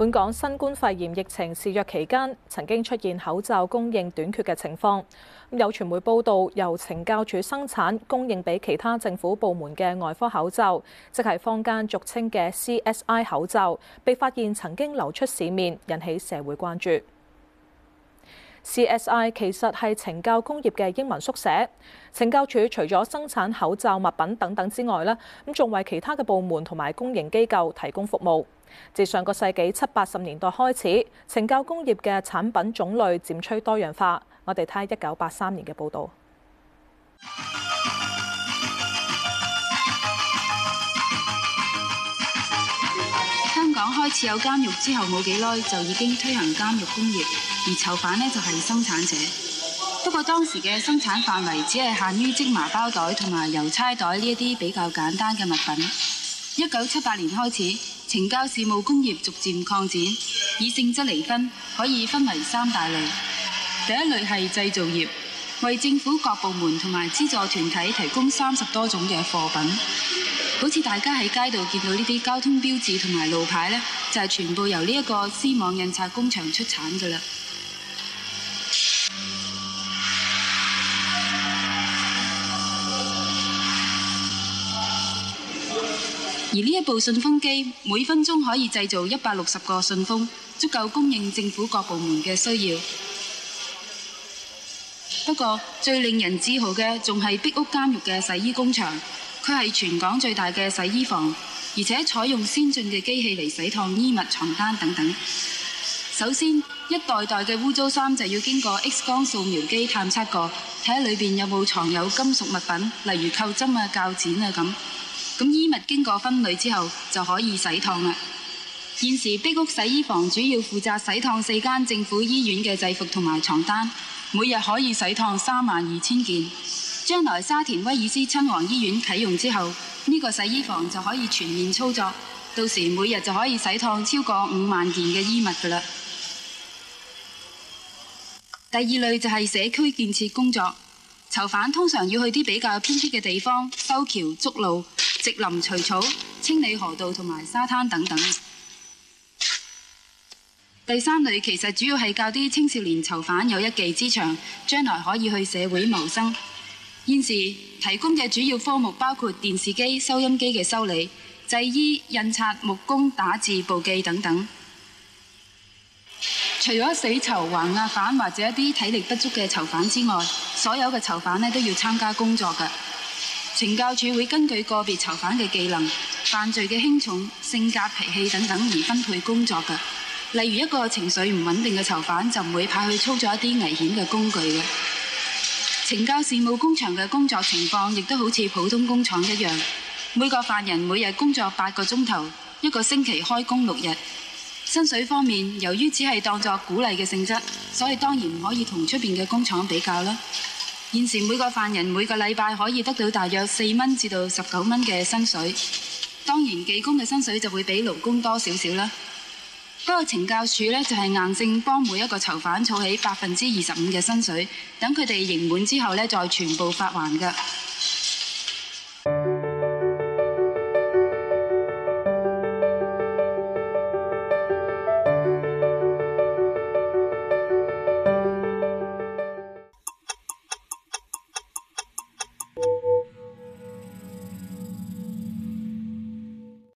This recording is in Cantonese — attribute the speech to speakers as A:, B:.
A: 本港新冠肺炎疫情肆虐期間曾經出現口罩供應短缺嘅情況，有傳媒報道，由懲教署生產供應俾其他政府部門嘅外科口罩，即係坊間俗稱嘅 CSI 口罩，被發現曾經流出市面，引起社會關注。CSI 其實係懲教工業嘅英文縮寫。懲教處除咗生產口罩物品等等之外呢，咁仲為其他嘅部門同埋公營機構提供服務。自上個世紀七八十年代開始，懲教工業嘅產品種類漸趨多樣化。我哋睇一九八三年嘅報導。開始有監獄
B: 之後冇幾耐就已經推行監獄工業，而囚犯呢，就係生產者。不過當時嘅生產範圍只係限於織麻包袋同埋郵差袋呢一啲比較簡單嘅物品。一九七八年開始，懲教事務工業逐漸擴展，以性質嚟分，可以分為三大類。第一類係製造業，為政府各部門同埋資助團體提供三十多種嘅貨品。好似大家喺街度見到呢啲交通標誌同埋路牌咧，就係全部由呢一個絲網印刷工場出產噶啦。而呢一部信封機每分鐘可以製造一百六十個信封，足夠供應政府各部門嘅需要。不過最令人自豪嘅仲係壁屋監獄嘅洗衣工場。佢係全港最大嘅洗衣房，而且採用先進嘅機器嚟洗燙衣物、床單等等。首先，一袋袋嘅污糟衫就要經過 X 光掃描機探測過，睇下裏邊有冇藏有，有金屬物品，例如扣針啊、鉸剪啊咁。咁衣物經過分類之後就可以洗燙啦。現時壁屋洗衣房主要負責洗燙四間政府醫院嘅制服同埋床單，每日可以洗燙三萬二千件。將來沙田威爾斯親王醫院啟用之後，呢個洗衣房就可以全面操作，到時每日就可以洗燙超過五萬件嘅衣物噶啦。第二類就係社區建設工作，囚犯通常要去啲比較偏僻嘅地方修橋築路、植林除草、清理河道同埋沙灘等等。第三類其實主要係教啲青少年囚犯有一技之長，將來可以去社會謀生。現時提供嘅主要科目包括電視機、收音機嘅修理、製衣、印刷、木工、打字、簿記等等。除咗死囚、還押犯或者一啲體力不足嘅囚犯之外，所有嘅囚犯呢都要參加工作嘅。懲教署會根據個別囚犯嘅技能、犯罪嘅輕重、性格脾氣等等而分配工作嘅。例如一個情緒唔穩定嘅囚犯就唔會派去操作一啲危險嘅工具嘅。懲教事務工場嘅工作情況亦都好似普通工廠一樣，每個犯人每日工作八個鐘頭，一個星期開工六日。薪水方面，由於只係當作鼓勵嘅性質，所以當然唔可以同出邊嘅工廠比較啦。現時每個犯人每個禮拜可以得到大約四蚊至到十九蚊嘅薪水，當然技工嘅薪水就會比勞工多少少啦。嗰個懲教署呢，就係硬性幫每一個囚犯儲起百分之二十五嘅薪水，等佢哋刑滿之後呢，再全部發還噶。